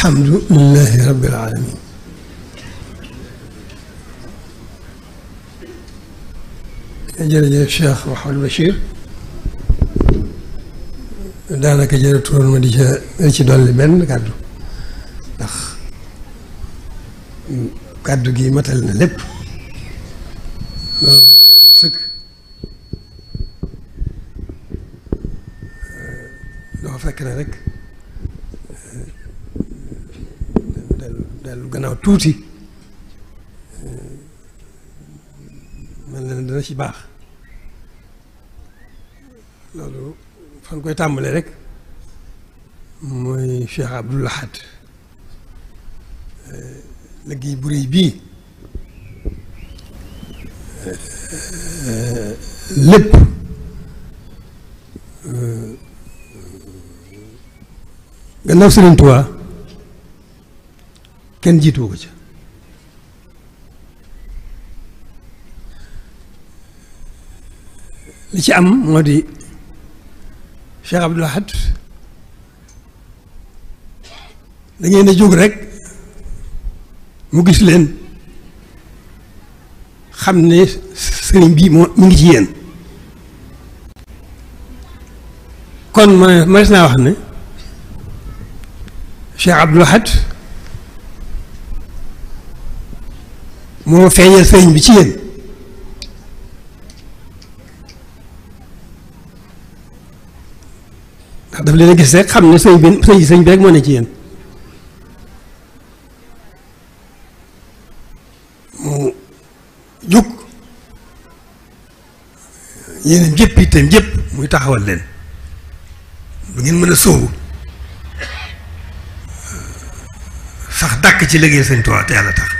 الحمد لله رب العالمين جل جل الشيخ وحول البشير دانا كجل تورن ما ديجا ريتي دول بن كادو اخ كادو جي متلنا لب سك لو فكر رك dellu gannaaw tuuti eh, man la dana ci baax loolu fan koy tàmbalee rek mooy Cheikh Abdoul Ahad eh, liggéey bu eh, lépp gannaaw Sëriñ kenn jiituwu ko ci li ci am moo di Cheikh Abdoul Ahad da ngeen a jóg rek mu gis leen xam ne sëriñ bi moo mu ngi ci yéen kon ma ma des naa wax ne Cheikh Abdoul moo feeñal sëriñ bi ci yéen ndax daf leen a gis rek xam ne sëriñ bi sëriñ sëriñ bi rek moo ne ci yéen mu jóg yéen jëpp itam jëpp muy taxawal leen bu ngeen mën a soowu sax dàkk ci liggéey sëriñ Tuubaa te yàlla tax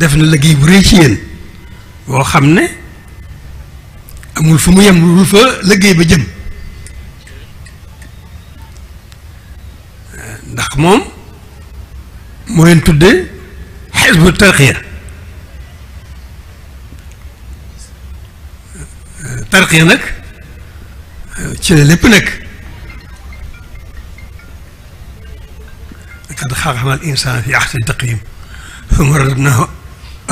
دفن لجيب ريشين وخمنة أمول فمية ملوفة لجيب جم دخمهم مهن تدي حزب الترقير ترقير لك تشيل لبنك لقد خاقنا الإنسان في أحسن تقييم فمرضناه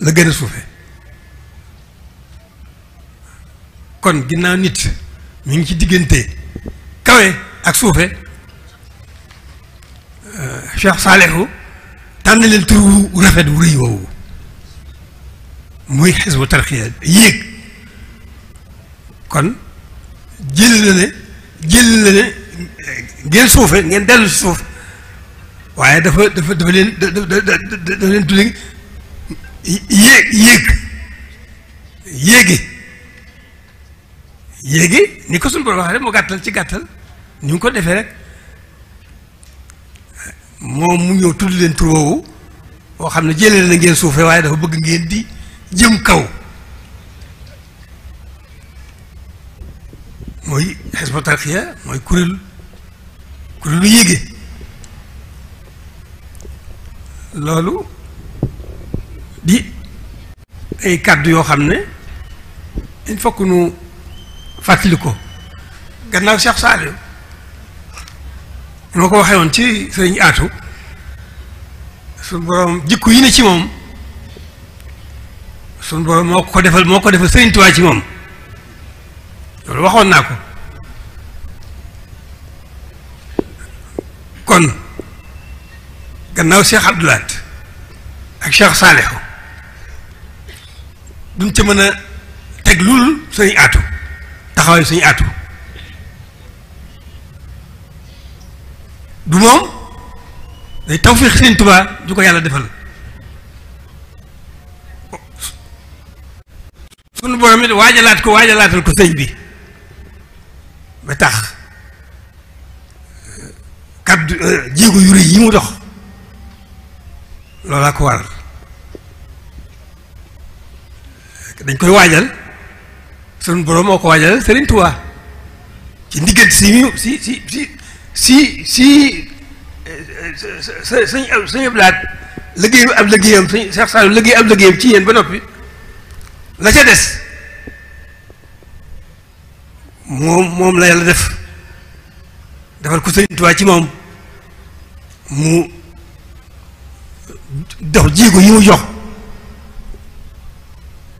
la gën a suufe kon ginnaaw nit mi ngi ci diggante kawe ak suufe euh, Cheikh Saalihu tànn leen tur wu rafet wu rëy woowu muy xisbu tarxiya yéeg kon jël na ne jël na ne ngeen suufe ngeen dellu si suuf waaye dafa dafa dafa leen dafa leen tudde yéeg yéeg yéegi yéegi ni ko suñu borom waxee rek mu gàttal ci gàttal ni mu ko defee rek moom mu ñëw tudd leen tur woowu xam ne jëlee na ngeen suufee waaye dafa bëgg ngeen di jëm kaw mooy Hizbut Tarqiyyah mooy kuréel lu yéege loolu ay kàddu yoo xam ne il faut nu fàttali ko gannaaw Cheikh Saliou moo ko waxee woon ci sëriñ aatu su borom jikko yi ne ci moom suñ borom moo ko defal moo ko defal sëriñ Tuubaa ci moom loolu waxoon naa ko kon gannaaw Cheikh Abdoulaat ak Cheikh Saliou duñ ca mën a teg lul suñu aatu taxawaayu suñu aatu du moom day tawfiix Sëriñ Tuubaa ju ko yàlla defal sunu borom it waajalaat ko waajalaatal ko sëñ bi ba tax kaddu euh, jéego yu rëy yi mu dox loolaa ko waral dañ koy waajal sunu borom moo ko waajal Serigne Touba ci ndiggante si si si si si si sa sa sañ ab laat liggéey ab liggéeyam sañ Cheikh Saliou liggéey ab liggéeyam ci yéen ba noppi la ca des moom moom la yàlla def defal ko Serigne Touba ci moom mu dox jiigu yi mu jox.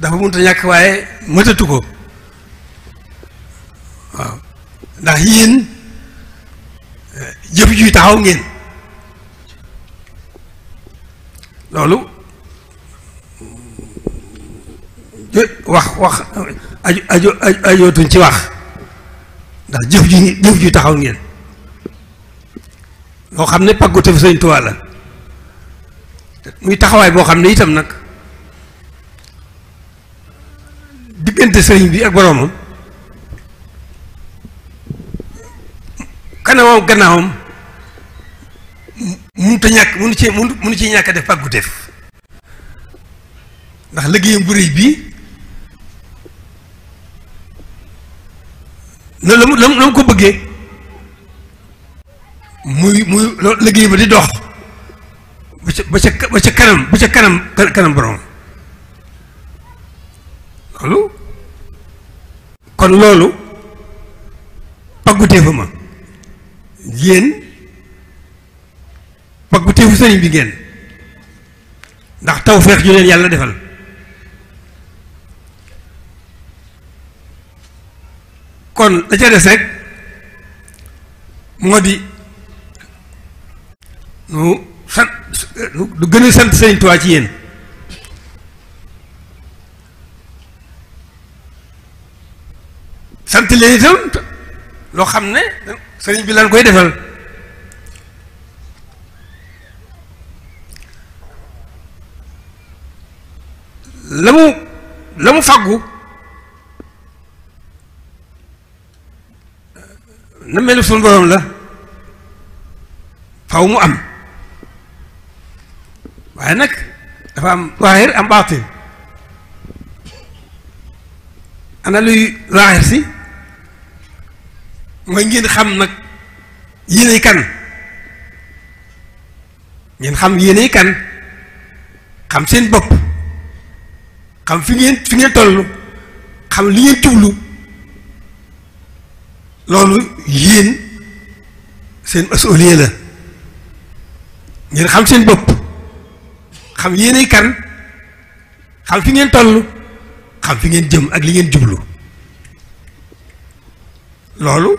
dafa mënut a ñàkk waaye mëtatu ko waaw ndax yéen jëf juy taxaw ngeen loolu wax wax aju aju ajootuñ ci wax ndax jëf ju jëf taxaw ngeen loo xam ne pàggute fi Sëñ Tuubaa la muy taxawaay boo xam ne itam nag diggante sëriñ bi ak boroomam kanamam gannaawam mënut a ñàkk mënu ci mënu ci ñàkk def pàggu def ndax liggéeyam bu rëy bii noonu la mu ko bëggee muy muy liggéey ba di dox ba ca ba ca kanam ba ca kanam kanam borom kon loolu pagguteefu ma yéen pagguteefu sëriñ bi ngeen ndax tawfeex ju leen yàlla defal kon da ca des rek moo di nu sant du gën a sant sëriñ Tuubaa ci yéen sant leen itam loo xam ne sëriñ bi lan koy defal la mu la mu fàggu na mel sun borom la faw mu am waaye nag dafa am zaahir am baatin ana luy zaahir si mooy ngeen xam nag yéenay kan ngeen xam yéenay kan xam seen bopp xam fi ngeen fi ngeen toll xam li ngeen jublu loolu yéen seen masuuliya la ngeen xam seen bopp xam yéenay kan xam fi ngeen tollu xam fi ngeen jëm ak li ngeen jublu loolu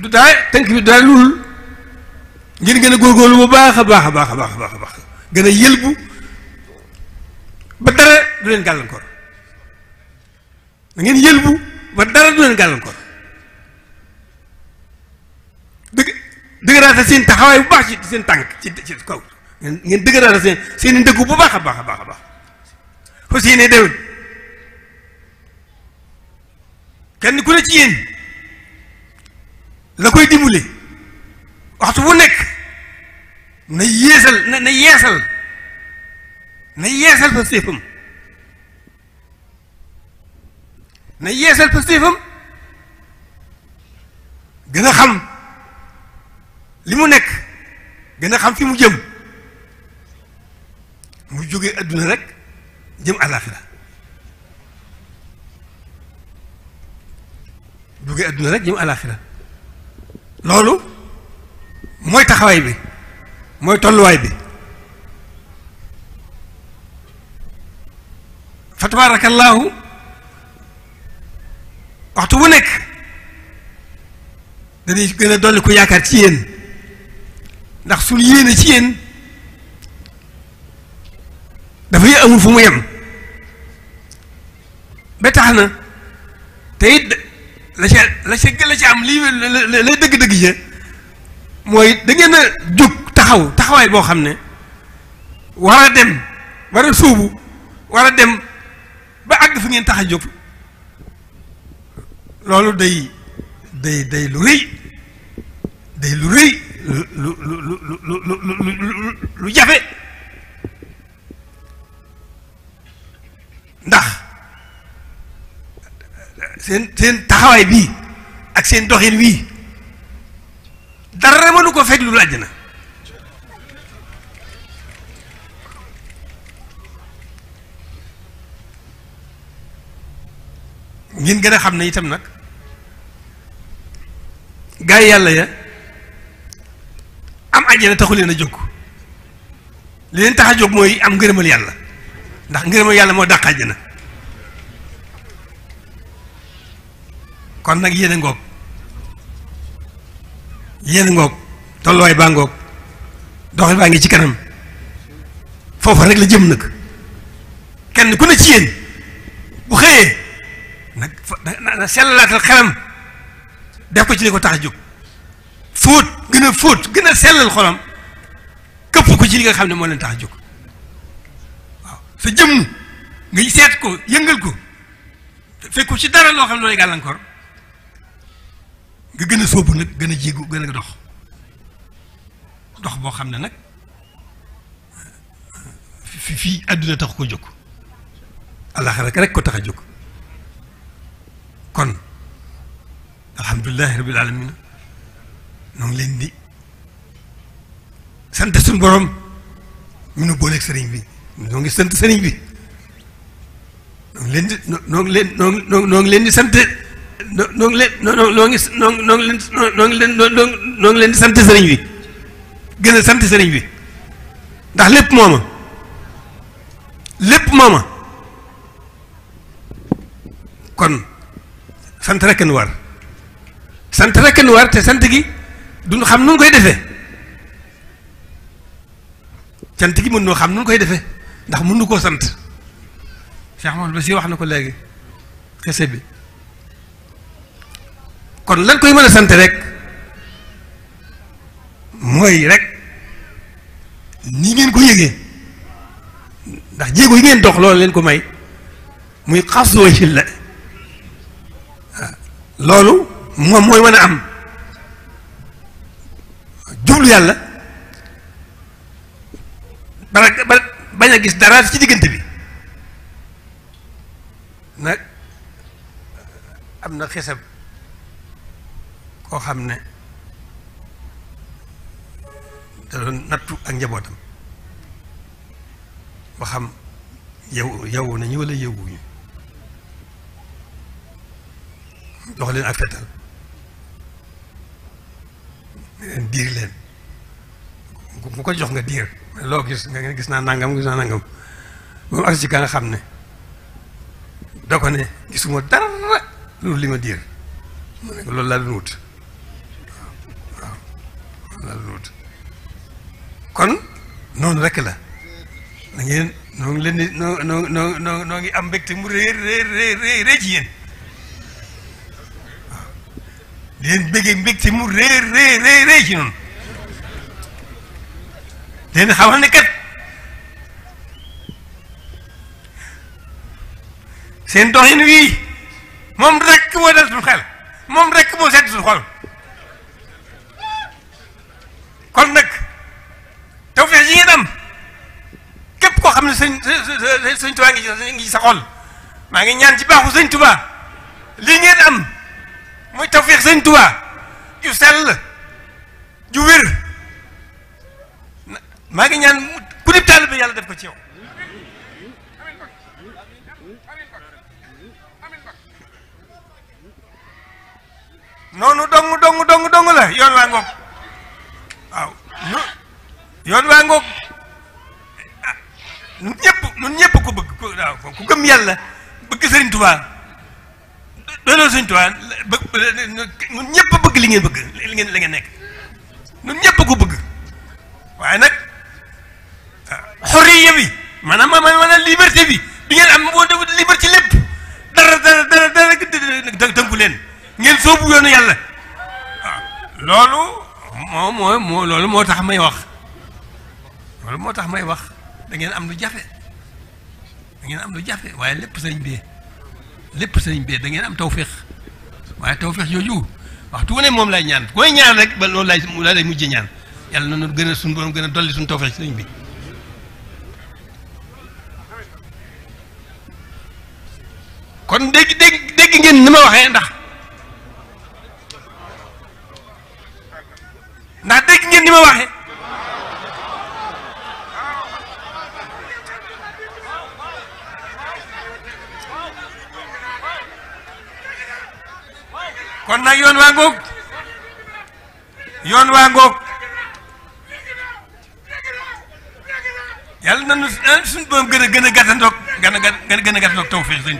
du daa tënk bi daa lul ngeen gën a góorgóorlu bu baax a baax a baax a baax a baax gën a yëlbu ba dara du leen gàllankoor da ngeen yëlbu ba dara du leen gàllankoor dëgg dëgëraata seen taxawaay bu baax ci seen tànk ci ci kaw ngeen ngeen dëgëraata seen seen i bu baax a baax baax a baax fas yéene déwén kenn ku ne ci yéen. la koy dimbali waxtu bu nekk na yeesal na na yeesal na yeesal pastéefam na yeesal pastéefam gën a xam li mu nekk gën a xam fi mu jëm mu jógee adduna rek jëm àllaaxira jógee adduna rek jëm àllaaxira loolu mooy taxawaay bi mooy tolluwaay bi fa tabaarakallaahu waxtu bu nekk dañuy gën a dolli ko yaakaar ci yéen ndax suñu yéene ci yéen dafay amul fu mu yem ba tax na te it la ca la ca la ca am lii lay dëgg-dëgg ja mooy dangeen ngeen a jóg taxaw taxawaay boo xam ne war a dem war a suubu war a dem ba àgg fi ngeen tax a jóg loolu day day day lu rëy day lu rëy lu lu lu lu lu jafe ndax seen seen taxawaay bii ak seen doxin wii dara mënu ko fekk lu àjjana ngeen gën a xam ne itam nag gaa yi yàlla ya am àjjana taxu leen a jóg li leen tax a jóg mooy am ngërëmal yàlla ndax ngërëmal yàlla moo dàq na kon nag yéen a ngoog yéen ngoog tolluwaay baa ngoog doxal baa ngi ci kanam foofa rek la jëm nag kenn ku ne ci yeen bu xëyee nag na sellalaatal xelam def ko ci li ko tax a fóot gën a fóot gën a sellal xolam këpp ko ci li nga xam ne moo leen tax a jóg waaw sa nga seet ko yëngal ko fekk ko ci dara loo xam ne looy gàllankoor nga gën a sóobu nag gën a jéegu gën a dox dox boo xam ne nag fi fii àdduna tax ko jóg àllaaxira rek rek ko tax a jóg kon alhamdulilahi rabil alamin noo ngi leen di sant suñu borom mi nu booleeg sëriñ bi noo ngi sant sëriñ bi noo leen di noo leen noo ngi leen di sant noo ngi leen noo ngi noo ngi noo ngi leen leen di sant sëriñ bi gën a sant sëriñ bi ndax lépp mooma lépp mooma kon sant rekk nu war sant rek nu war te sant gi duñu xam nu koy defee sant gi mën noo xam nu koy defe ndax mun mënu koo sant Cheikh Mouhamed si wax na ko léegi xese bi. kon lan koy mën a sante rek mooy rek nii ngeen ko yëgee ndax jéego yi ngeen dox loolu leen ko may muy xas doo ci la loolu moom mooy mën a am jublu yàlla ba bañ a gis dara ci diggante bi nag am na xesab koo xam ne da nattu ak njabootam ba xam yow yow nañu wala yowuñu dox leen ak fetal leen diir leen ku ko jox nga diir loo gis nga gis naa nangam gis naa nangam moom ak si ka nga xam ne da ko ne gisuma dara loolu li ma diir loolu laa doon noonu rek la da ngeen noo ngi leen di noo noo noo noo noo ngi am mbégte mu réer réer réer réer ci yéen waaw di leen béggee mbégte mu réer réer réer réer ci noonu di leen xamal ne kat seen doxin wii moom rek moo dal suñu xel moom rek moo seet suñu xol kon nag. sëñ sëñ tubaa ngi ngi sa xol maa ngi ñaan ci baaxu sëñ tubaa lii ngeen am muy tawfeex sëñ tubaa ju sell ju wér maa ngi ñaan ku nib taalibe yàlla def ko ci yow noonu dong dong dong dong la yoon waa ngoog waaw yoon waa ngoog ñëpp ñun ñëpp ko bëgg ko waaw ku gëm yàlla bëgg sëriñ tubaa doonoo sëriñ tubaa ñun ñëpp bëgg li ngeen bëgg li ngeen li ngeen nekk ñun ñëpp ko bëgg waaye nag xorriya ah, bi maanaam maanaam maanaam liberté bi bi ngeen am boo def liberté lépp dara dara dara dara dënku leen ngeen soobu yoonu ya, yàlla ah, loolu moo moo moo loolu may wax loolu moo may wax da ngeen am lu jafe da am lu jafe waaye lépp sëriñ bee lépp sëriñ bee da ngeen am tawféex waaye tawféex yooyu waxtu wu ne moom lay ñaan koy ñaan rek ba loolu lay loolu lay mujj ñaan yàlla noonu gën a suñu borom gën a dolli suñu tawféex sëriñ bi kon dégg dégg ngeen ni ma waxee ndax ndax dégg ngeen ni ma waxee. kon nag yoon waa ngoog yoon waa ngoog yàlla na nu eh, gën gën a gàttandoog gën a gën gën a gàttandoog tawfeex Sëñ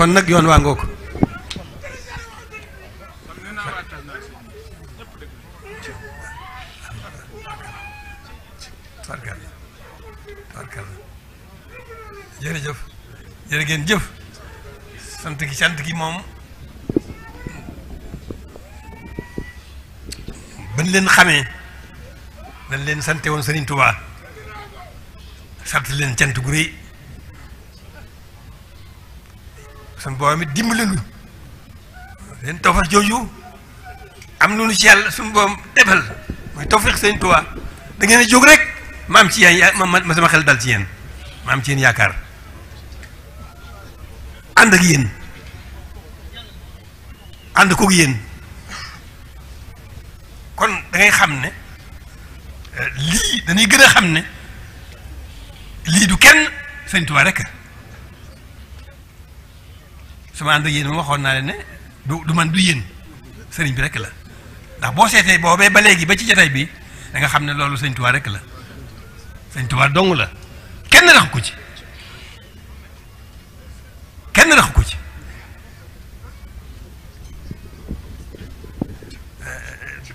kon nag yoon waa ngoog jërë ngeen jëf sant gi sant gi moom ban leen xamee dañ leen sante woon Serigne Touba sant leen cant gu rëy sun boobam it dimbali nu leen tawfeex jooju am lu nu ci yàlla suñu boobam defal mooy tawfeex Serigne Touba da ngeen jóg rek ma am ci yéen ma ma sama xel dal ci yéen ma am ci yéen yaakaar. ànd ak yéen ànd koog yéen kon da xam ne euh, lii dañuy gën a xam ne lii du kenn sëñ Tuubaa rek sama ànd ak yéen moom waxoon naa leen ne du man du yéen sëriñ bi rek la ndax boo seetee boobee ba léegi ba ci jatay bi da nga xam ne loolu sëñ Tuubaa rek la sëñ Tuubaa dong la kenn rax ko ci. kenn raxu ko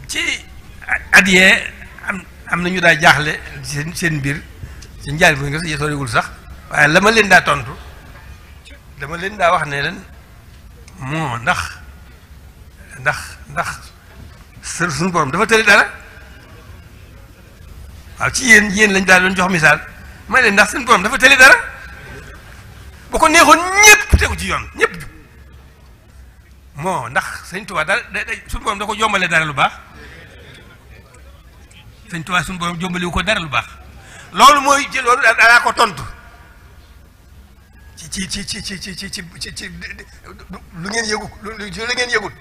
ci ci at yee am am na ñu daa jaaxle seen seen mbir ci njaar bi nga si soriwul sax waaye la ma leen daa tontu dama leen daa wax ne leen moo ndax ndax ndax suñu borom dafa tëri dara waaw ci yéen yéen lañ daal doon jox misaal ma leen ndax suñu borom dafa tëri dara bu ko neexoon ñëpp tegu ci yoon ñëpp jub moo ndax sëñ Tuubaa daal da da da ko jombalee dara lu baax sëñ Tuubaa suñu borom jombalewu ko dara lu baax loolu mooy jël loolu danaa ko tontu ci ci ci ci ci ci ci ci ci lu ngeen yëgu lu lu ngeen yëgut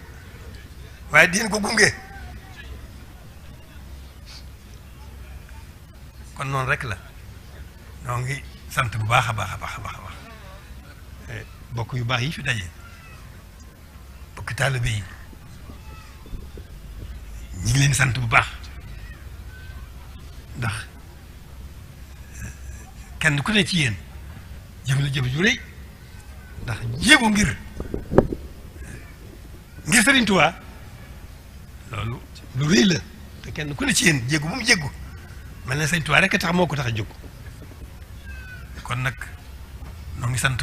waaye diin ko gunge kon noonu rek la ñoo ngi sant bu baax a baax a baax a baax. bokk yu baax yi fi daje bokk taalibe yi ñu ngi leen sant bu baax ndax eh, kenn ku ne ci yéen jëf la jëf ju ndax jéego ngir eh, ngir Sëriñ Tuubaa loolu lu rëy la te kenn ku ne ci yéen jéego bu mu jéego mel na Sëriñ Tuubaa rek tax moo ko tax a jóg kon nag noo ngi sant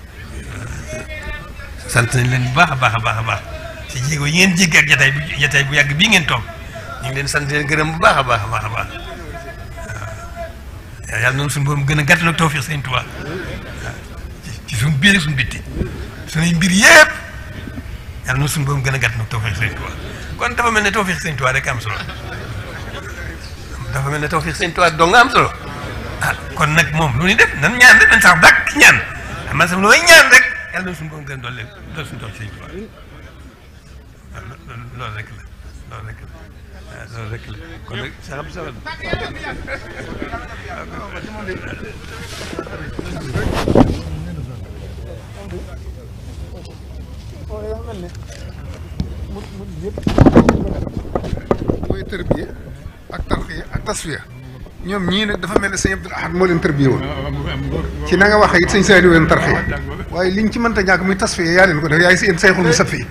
sant nañ leen bu baax baax baax baax ci jigo yi ngeen jéggi ak jotaay bi jotaay bu yàgg bi ngeen tok ñu ngi leen sant leen gëreem bu baax baax baax baax ya yàlla noonu suñu borom gëna gatt nak tawfiq sëñ Tuubaa ci suñu biir suñu bitti suñuy biir yépp yàlla noonu suñu borom gëna gatt nak tawfiq sëñ Tuubaa kon dafa melni tawfiq sëñ Tuubaa rek am solo dafa melni tawfiq tawfiq sëñ do nga am solo ah, kon nak mom lu ni def nan ñaan def nan sax dak ñaan xam naa sama looy ñaan rek yàlla na suñu borom gën dool leen dool suñu dool sëñ Tuubaa loolu rek la loolu rek la loolu rek la kon nag saxam saxam mooy tërbiye ak tarxiya ak tasfiya ñoom ñii nag dafa mel ne sëñ Abdul Ahad moo leen tërbiye woon ci na nga waxee it sëñ Saaliw leen tarxiya waaye liñ ci mënta ñàkk muy tas fi yaa leen ko def yaay si yéen sayxul mu sat fii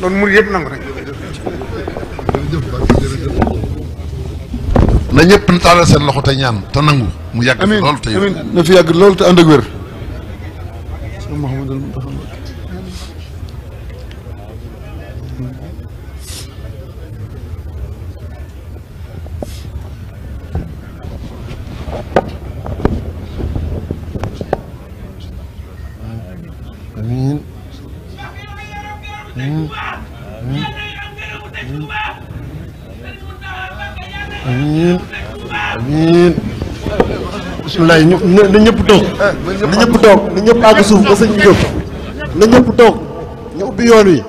loolu murid yëpp nangu nañ na ñëpp na seen loxo te ñaan te mu yàgg loolu te na fi yàgg loolu te ànd ak yi ñu na ñëpp toog ah, na ñëpp toog na ñëpp àgg suuf ba sëñ bi jóg na ñëpp toog ñu ubbi yoon wi